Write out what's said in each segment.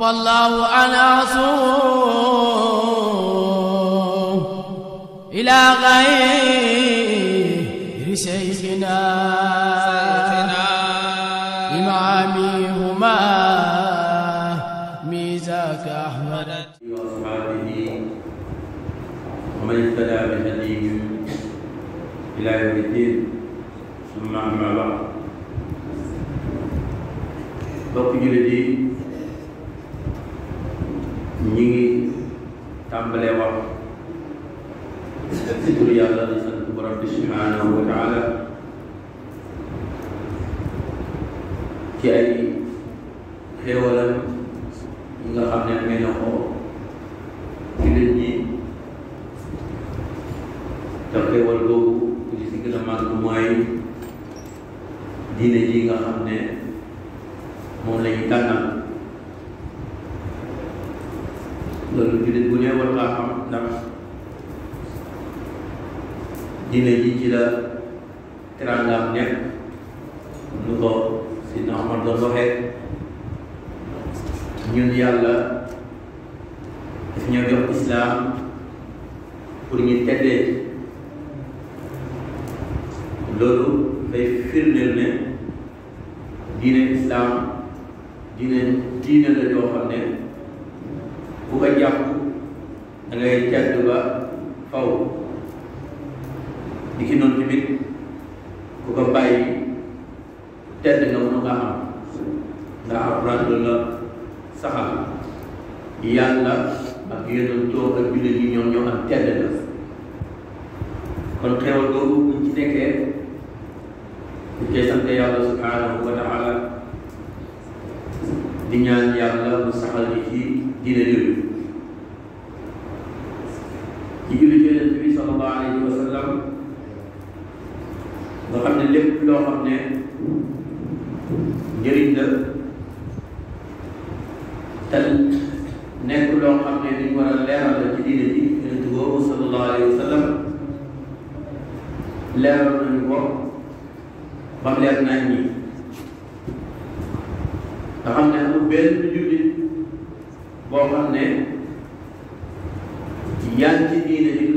والله أنا أصوم إلى غير سيدنا إمامهما ميزاك أحمد وأصحابه ومن اهتدى بهديه إلى يوم الدين ثم أما بعد بقي ñi ngi tàmbalee wax ci turu yàlla di sant borom bi subhanahu wa taala ci ay xéewalam yi nga xam ko ci nit ñi te xéewal ji nga xam ne moom lañu ne war ngaa xam ndax ji la teraangaam nekk nu ko si naxamal doon waxee ñun yàlla daf ñoo jox islaam pour ñu teddee loolu day firndeel ne diine islaam diine diine la joo xam ne bu ko jàpp ألا يكذب فو niki non tamit ku ko bayyi tedd nga mënu nga xam ndax alquran loolu la saxal yàlla ak yeneen toog ak jullit yi ñoom ñoo am tedd la kon xewal googu bu ci nekkee bu cee sant subhanahu wa taala di ñaan yàlla mu saxal ci diine sallallahu alayhi wa sallam ne lépp loo ne njëriñ la te nekk loo ne dañ war a leeral la ci diine ji yonent boobu sallallahu alayhi wa sallam leeral nañu ko ba ne amul benn jullit boo xam ne yaa ngi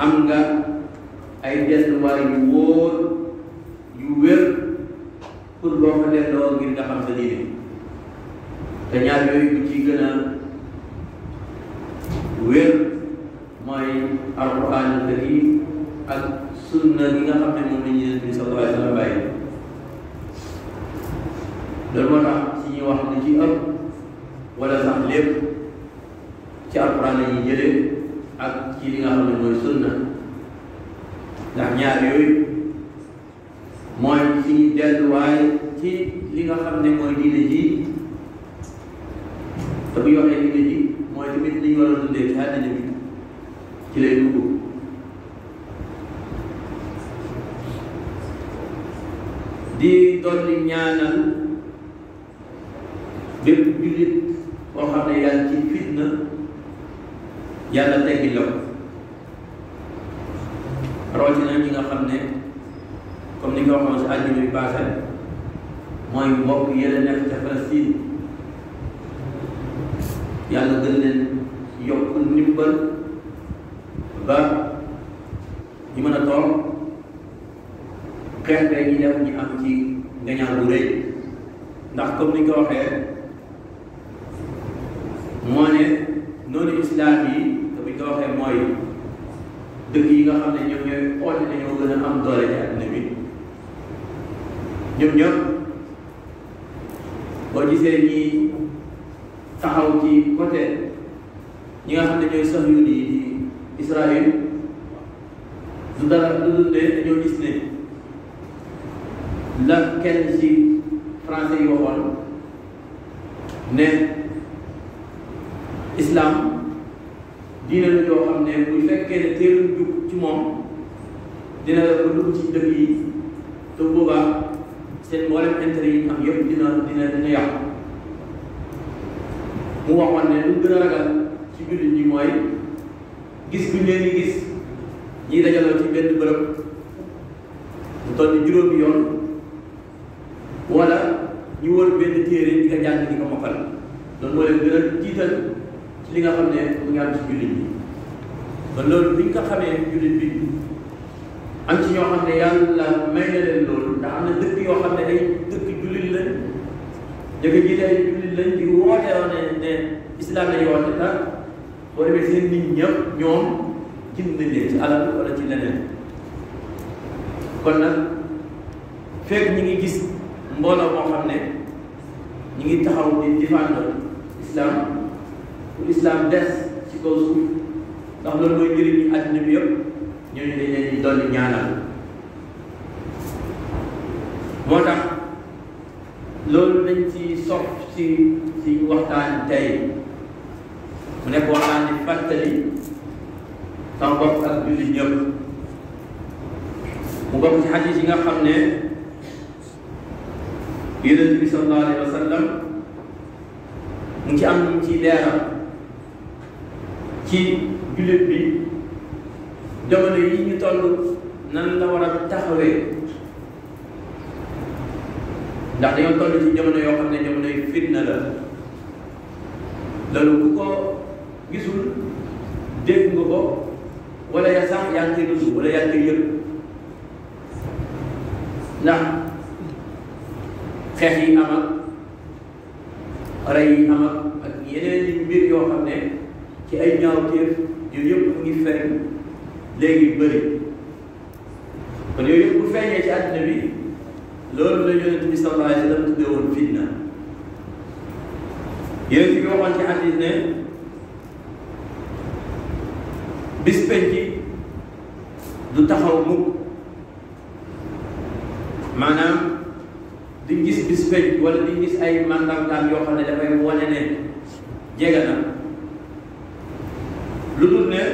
angga ideas regarding war, you will pour boo ko delloo ngir nga xam sa diine te ñaar yooyu bu ci gën a wér mooy alquran karim ak sunna gi nga xam ne moom la ñu bi sallallahu alayhi ci wax ci wala sax lépp ci alquran la ñuy ak ci li nga xam ne mooy sunna ndax ñaar yooyu mooy suñu delluwaay ci li xam ne mooy diine ji te bu ñu waxee diine ji mooy tamit li ñu war a dundee ci àddina bi ci lay dugg di dolli ñaanal bépp jullit boo xam ne yaa ci fitna yàlla teggi la ko rawatina ñi nga xam ne comme ni nga waxoon si àddina bi passé mooy mbokk yële nekk ca Palestine yàlla gën leen yokk ndimbal ba ñu mën a toog xeex bee ñi def ñu am ci gañaar bu rëy ndax comme ni nga waxee moo ne ini hubungan amdal ini Nabi. Jom jom. Bagi saya ni tahu ki kote. Ni akan terjadi sahul di Israel. Sudah tuh deh léegi dina dina dina yàqu mu waxoon ne lu gën a ragal ci jullit ñi mooy gis buñ leen gis ñiy dajaloo ci benn bërëb mu toll ni juróomi yoon wala ñu wër benn téere di nga jàng di nga mokkal loolu moo leen gën a jiital ci li nga xam ne mu ngi ci jullit ñi kon loolu bi ñu xamee jullit bi am ci ñoo xam ne yàlla may na loolu ndax am na dëkk yoo xam ne day jëkk ji tey jullit lañ di woote woon ne ne islam lay woote tax ah, boo demee seen nit ñëpp ñoom jënd leen ci alal wala ci leneen kon nag fekk ñi ngi gis mbooloo moo xam ne ñi ngi taxaw di défendre islam pour islam des ci kaw suuf ndax loolu mooy njëriñu àddina bi yëpp ñooñu dañ leen di dolli moo tax loolu dañ ci sof ci ci waxtaan tey mu nekk waxtaan di fàttali sama bopp ak julli ñëpp mu bokk ci xadis yi nga xam ne yonent bi sallallahu alayhi mu ci am ñu ci leeral ci jullit bi jamono yi ñu toll nan la war a taxawee ndax dañoo toll ci jamono yoo xam ne jamonoy fitna la loolu ku ko gisul dégg nga ko wala yaa sax yaa ngi koy dund yaa ngi yëg ndax xeex yi am rey yi am yeneen yi mbir yoo xam ne ci ay ñaawteef yooyu yëpp mu ngi feeñ léegi bëri kon yooyu yëpp bu feeñee ci àddina bi دور الرجل النبي صلى الله عليه وسلم تبدأ الفتنة يجي يوم أنت حديثنا بس بيجي دو تخاو موك معنى دنجيس بس بيجي ولا دنجيس أي مان دام دام يوم أنا لبعي موانين جيغانا لدو نه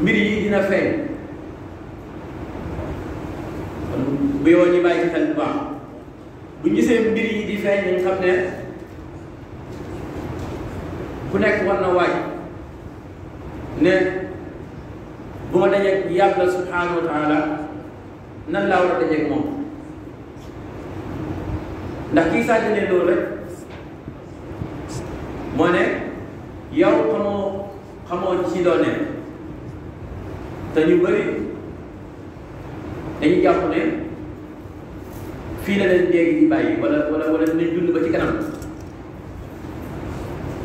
مريدنا فيه bu yoo ñu ci xel bu ñu gisee mbir yi di feeñ ñu xam ne ku nekk war na waaj ne bu ma dajeeg yàlla subhaanahu wa taala nan laa war a dajeeg moom ndax kii sàggane loolu rek moo ne yow xamoo xamoon ci loo ne te ñu bëri dañu jàpp ne fii la leen léegi ñu bàyyi wala wala wala dinañ dund ba ci kanam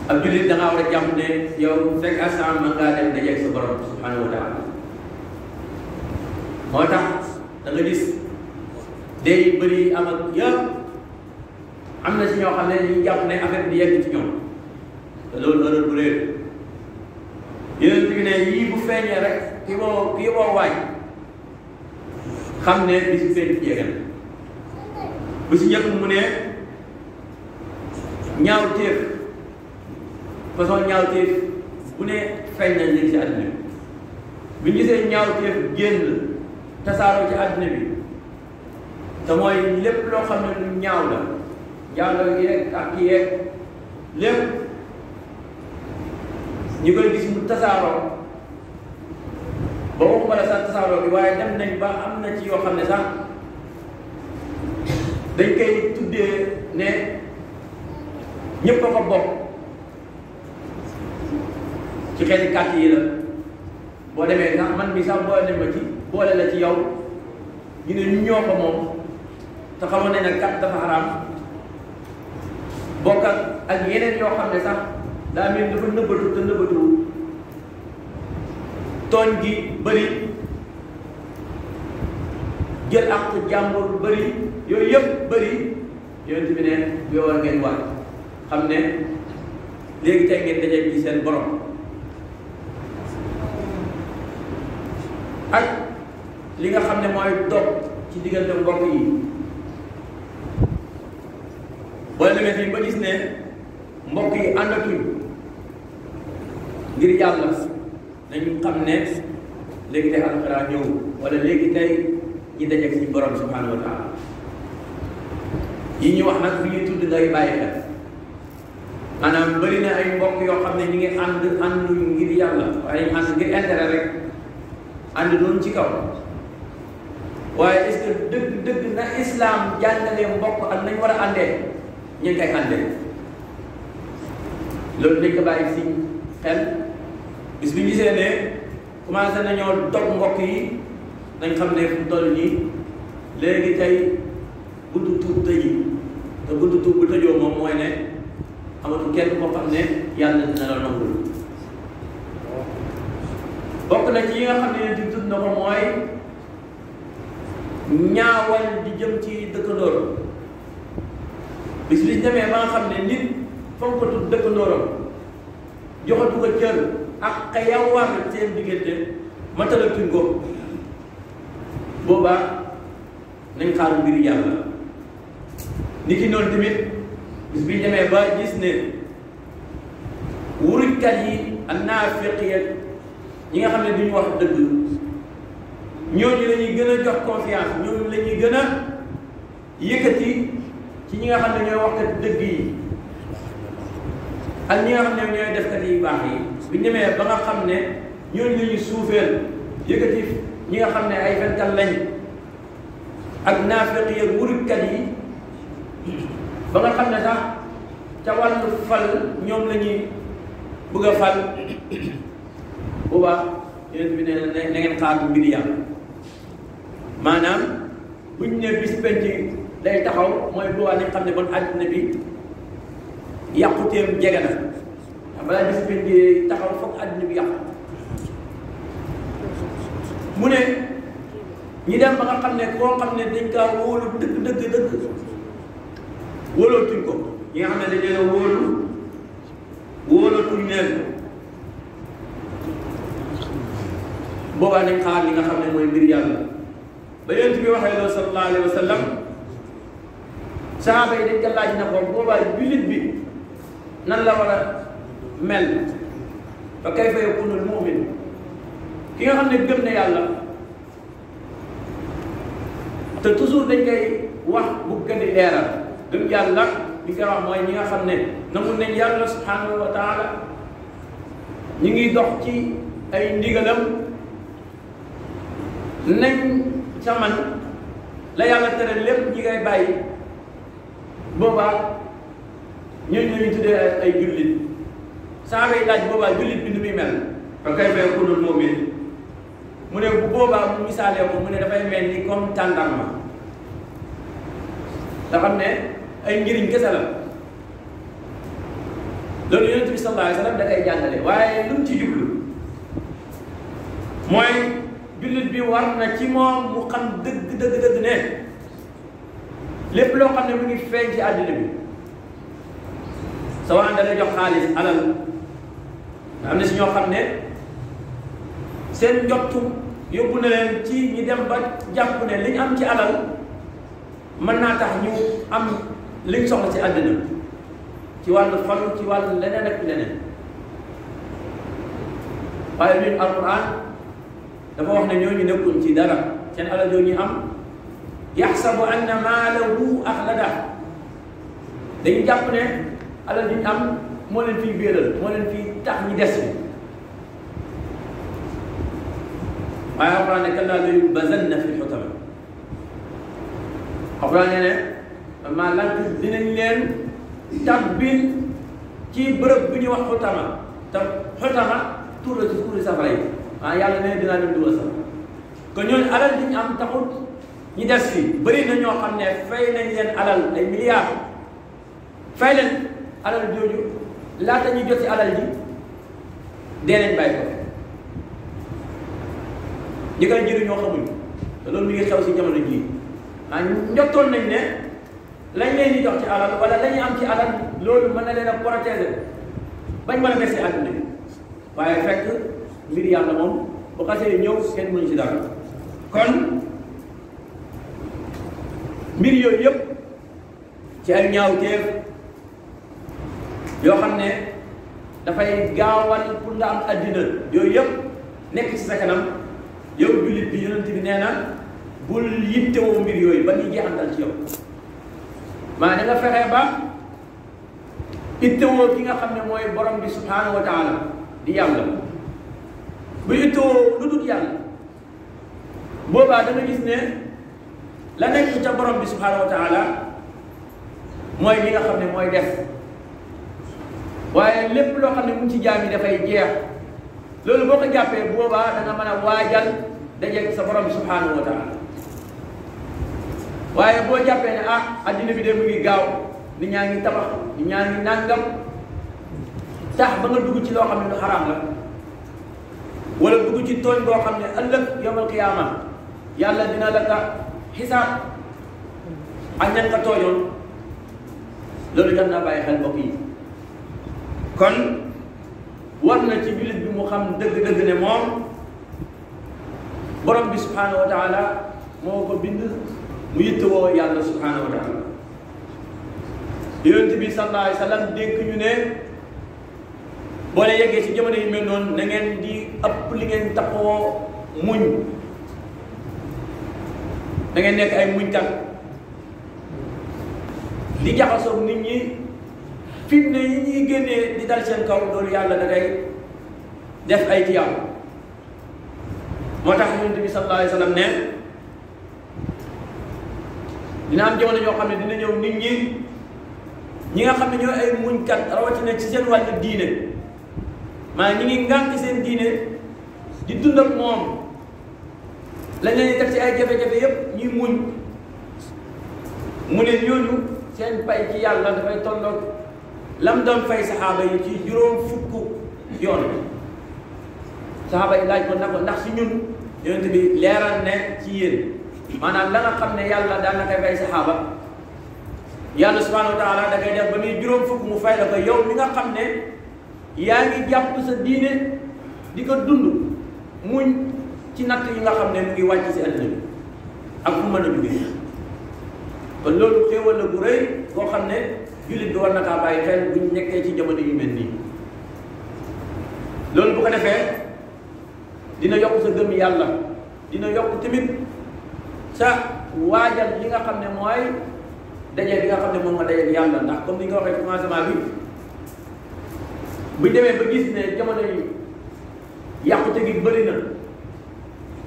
ab jullit da ngaa war a jàpp ne yow fekk instant mën ngaa dem dajeeg sa borom subhanahu wa taala moo tax da nga gis day bëri am ak yëpp am na si ñoo xam ne ñu jàpp ne affaire bi yegg ci ñoom te loolu erreur bu réer yéen bi ne yii bu feeñee rek ki woo ki woo waay xam ne bi si feeñ yegg na bu si njëkk mu ne ñaaw téef façon ñaaw téef bu ne feeñ si àddina bi bu ñu gisee ñaaw téef génn tasaaroo ci àddina bi te mooy lépp loo xam ne lu ñaaw la jàngal yeeg ak yeeg lépp ñu koy gis mu tasaaroo ba waxuma la sax tasaaroo bi waaye dem nañ ba am na ci yoo xam ne sax dañ koy tuddee ne ñëpp a ko bokk ci xeeti kàtt yi la boo demee sax man mi sax boole nañ ma ci la ci yow ñu ne ñu ñoo ko moom te xamoon nañ ne kàtt dafa xaraam bokk ak yeneen yoo xam ne sax daa mel dafa nëbbatu te nëbbatuwul tooñ gi bëri jël ak jàmbur bëri yooyu yëpp bëri yonent bi ne yoo war ngeen waaj xam ne léegi tey ngeen dajeeg ci seen borom ak li nga xam ne mooy toog ci diggante mbokk yi boo demee fii ba gis ne mbokk yi àndatuñ ngir yàlla nañu xam ne léegi tey alxuraan ñëw wala léegi tey ñi dajeeg ci borom subhanahu wa taala yi ñuy wax nag bu ñuy tudd ngay bàyyi xel maanaam bëri na ay mbokk yoo xam ne ñu ngi ànd àndu ngir yàlla waaye ànd ngir intérêt rek ànd doon ci kaw waaye est-ce dëgg dëgg na islam jàngale mbokk ak nañ war a àndee ñu ngi koy àndee loolu dañ bàyyi si xel bis bi ñu gisee ne commencé nañoo dog mbokk yi nañ xam ne fu toll léegi tey buntu tuub tëji te buntu tuub bu tëjoo moom mooy ne amatu kenn koo ne yàlla dina la nangul bokk na ci yi nga xam ne di tudd na ko mooy ñaawal di jëm ci dëkkandooram bis bi demee ba nga xam ne nit fonkatu dëkkandooram joxatu ko cër ak ka yawwar seen diggante matalatuñ ko boobaa nañ xaar mbir yàlla ni ki noonu tamit bis bi demee ba gis ne wurujkat yi annaafiq yi ñi nga xam ne duñu wax dëgg ñooñu la ñuy gën a jox confiance ñoo la ñuy gën a yëkkati ci ñi nga xam ne ñooy waxkat dëgg yi ak ñi nga xam ne ñooy defkat yi baax yi buñu demee ba nga xam ne ñooñu la ñuy suufeel yëkkati ñi nga xam ne ay fenkat lañ ak naafiq yi ak wurujkat ba nga xam ne sax ca wàllu fal ñoom la ñuy bëgg a fal boobaa yonent bi ne na ngeen xaar mbir yàlla maanaam buñ ne bis penc day taxaw mooy boobaa nañ xam ne bon àddina bi yàquteem jege na balaa bis penc taxaw foog àddina bi yàqu mu ne ñi dem ba nga xam ne koo xam ne dañ kaa wóolu dëgg dëgg dëgg wóolootuñ ko ñi nga xam ne dañ leen a wóolu wóolootuñ leen boobaa nañ xaar li nga xam ne mooy mbir yàlla ba yonent bi waxee loolu sallallahu alayhi wa sallam saxaaba yi dañ ko laaj na ko boobaa jullit bi nan la war a mel fa kayfa yakunu al mu'min ki nga xam ne gëm na yàlla te toujours dañ koy wax bu gën di leeral gëm yàlla li bi wax mooy ñi nga xam ne nangu nañ yàlla subhanahu wa taala ñi ngi dox ci ay ndigalam nañ ca man la yàlla tere lépp ñi ngay bàyyi boobaa ñun ñuy tuddee ay jullit saa ngay laaj boobaa jullit bi nu muy mel ba koy fay ku moom it mu ne bu boobaa mu misaalee ko mu ne dafay mel ni comme tàndarma nga xam ne ay njëriñ kese la loolu yonent bi sallallahu alayhi wa sallam da jàngale waaye lu mu ci jublu mooy jullit bi war na ci moom mu xam dëgg dëgg dëgg ne lépp loo xam ne mu ngi feeñ ci àddina bi sa waxaan da lay jox xaalis alal am na si ñoo xam ne seen njottu yóbbu na leen ci ñi dem ba jàpp ne li ñu am ci alal mën naa tax ñu am liñ soxla ci àddina ci wàllu fanu ci wàllu leneen ak leneen waaye ñun alquran dafa wax ne ñooñu nekkuñ ci dara seen alal jooju ñu am yaxsabu anna maalahu axlada dañu jàpp ne alal ju ñu am moo leen fiy béeral moo leen fiy tax ñu des bi waaye alquran ne kallaa la yubazanna fi lxutama alquran ne ne damaa lank dinañ leen tabbil ci bërëb bu ñuy wax xutama te xutama tur la ci kuuri safara yi ah yàlla nee dinaa leen dugal sax kon ñooñu alal di ñu am taxut ñu des fi bëri na ñoo xam ne fay nañ leen alal ay milliards fay leen alal jooju laata ñu jot ci alal ji dee nañ bàyyi ko ñi koy jëriñoo xamuñ te loolu mi xew si jamono jii ah njottoon nañ ne. lañ leen di jox ci alal wala la ñuy am ci alal loolu mën na leen a protéger bañ mën a bese àdduna bi waaye fekk mbir yàlla moom bu xasee ñëw kenn mënu ci dara kon mbir yooyu yëpp ci ay ñaawteef yoo xam ne dafay gaawal pour nga am àddina yooyu yëpp nekk ci sa kanam yow jullit bi yonent bi nee na bul yittewoo mbir yooyu ba ñuy jeexantal ci yow maa da nga fexee ba ittewoo ki nga xam ne mooy borom bi subhaanahu wa di yàlla bu ittewoo lu dul yàlla boobaa da gis ne la nekk ca borom bi subhaanahu wa taala mooy li nga xam ne mooy def waaye lépp loo xam ne mu ci jaam yi dafay jeex loolu boo ko jàppee boobaa da nga mën a waajal dajeeg sa borom bi subhaanahu wa waaye boo jàppee ne ah addina bi de mu ngi gaaw nit ñaa ngi tabax nit ñaa ngi nàngam tax ba nga dugg ci loo xam ne lu xaraam la wala dugg ci tooñ boo xam ne ëllëg yomal qiyaama yàlla dina la ka xisaab ak ñan nga tooñoon loolu jar bàyyi xel mbokk kon war na ci jullit bi mu xam dëgg-dëgg ne moom borom bi subhaanahu wa moo ko bind mu yittewoo yàlla subhaanahu wa taala yonent bi sallallahu alayhi dénk ñu ne boo leen yeggee ci jamono yu mel noonu na ngeen di ëpp li ngeen taxawoo muñ da nekk ay muñ kat di jaxasoog nit ñi fitna yi ñuy génnee di dal seen kaw loolu yàlla da ngay def ay tiyaam moo tax yonent bi sallallahu alayhi wa dina am jamono yoo xam ne dina ñëw nit ñi ñi nga xam ne ñooy ay muñkat rawatina ci seen wàllu diine maa ñi ngi ngànk seen diine di dund ak moom lañ leen teg ci ay jafe-jafe yépp ñuy muñ mu ne ñooñu seen pay ci yàlla dafay tolloog lam doon fay saxaaba yi ci juróom fukk yoon saxaaba yi laaj ko na ko ndax si ñun yonent bi leeral ne ci yéen maanaam la nga xam ne yàlla daan na koy fay saxaaba yàlla subhanahu wa def ba muy juróom fukk mu fay la ko yow mi nga xam ne yaa ngi jàpp sa diine di ko dund muñ ci natt yi nga xam ne mu ngi wàcc si àddina ak fu mën a jógee kon loolu xéewal la bu rëy koo xam ne jullit bi war na kaa bàyyi xel bu nekkee ci jamono yu mel nii loolu bu ko defee dina yokk sa gëm yàlla dina yokk tamit sa waajal li nga xam ne mooy daje bi nga xam ne moom nga daje yàlla ndax comme ni nga waxee commencement bi bu demee ba gis ne jamono yi yàqute bi bëri na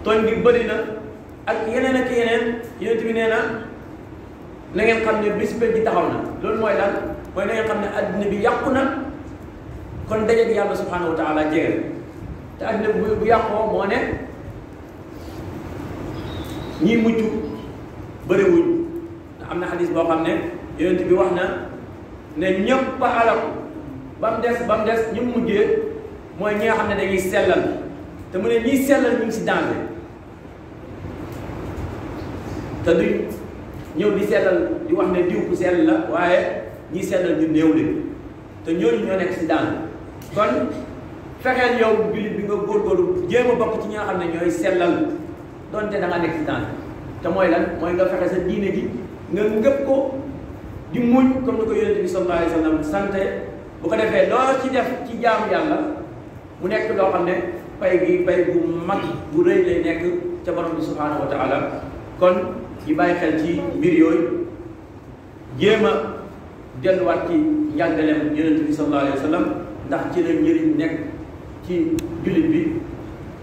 tooñ gi bëri na ak yeneen ak yeneen yonent bi nee na na ngeen xam ne bis ji taxaw na loolu mooy lan mooy na ngeen xam ne addina bi yàqu na kon daje yàlla subhanahu wa taala jege te addina bu bu yàqoo moo ne ñii mujj bëriwuñ ndax am na xadis boo xam ne yonent bi wax na ne ñëpp ba alaku ba mu des ba mu des ñi mujjee mooy ñi nga xam ne dañuy sellal te mu ne ñiy sellal ñu ngi si danger te duñ ñëw di sellal di wax ne diw ku sell la waaye ñiy sellal ñu néew lañ te ñooñu ñoo nekk si danger kon fexeel yow jullit bi nga góorgóorlu jéem a bokk ci ñi nga xam ne ñooy sellal. donte da nga nekk ci danger te mooy lan mooy nga fexe sa diine gi nga ngëpp ko di muñ comme ni ko yonente bi sallallahu alayhi wa sante bu ko defee loo ci def ci jaamu yàlla mu nekk loo xam ne pay gi pay bu mag bu rëy lay nekk ca borom bi subhanahu taala kon ñu bàyyi xel ci mbir yooyu jéem a delluwaat ci njàngaleem yonente bi sallallahu alayhi wa ndax ci la njëriñ nekk ci jullit bi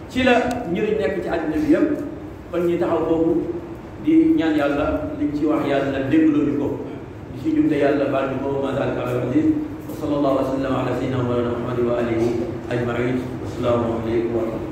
ci la njëriñ nekk ci àddina bi yëpp kon ñi taxaw foofu di ñaan yàlla liñ ci wax yàlla déggloo ñu ko di ci jumte yàlla baal ñu ko ma daal kala aziz wa sallallahu wa sallam ala sayyidina wa mawlana muhammad wa alihi ajmain assalaamu aleykum wa rahmatullah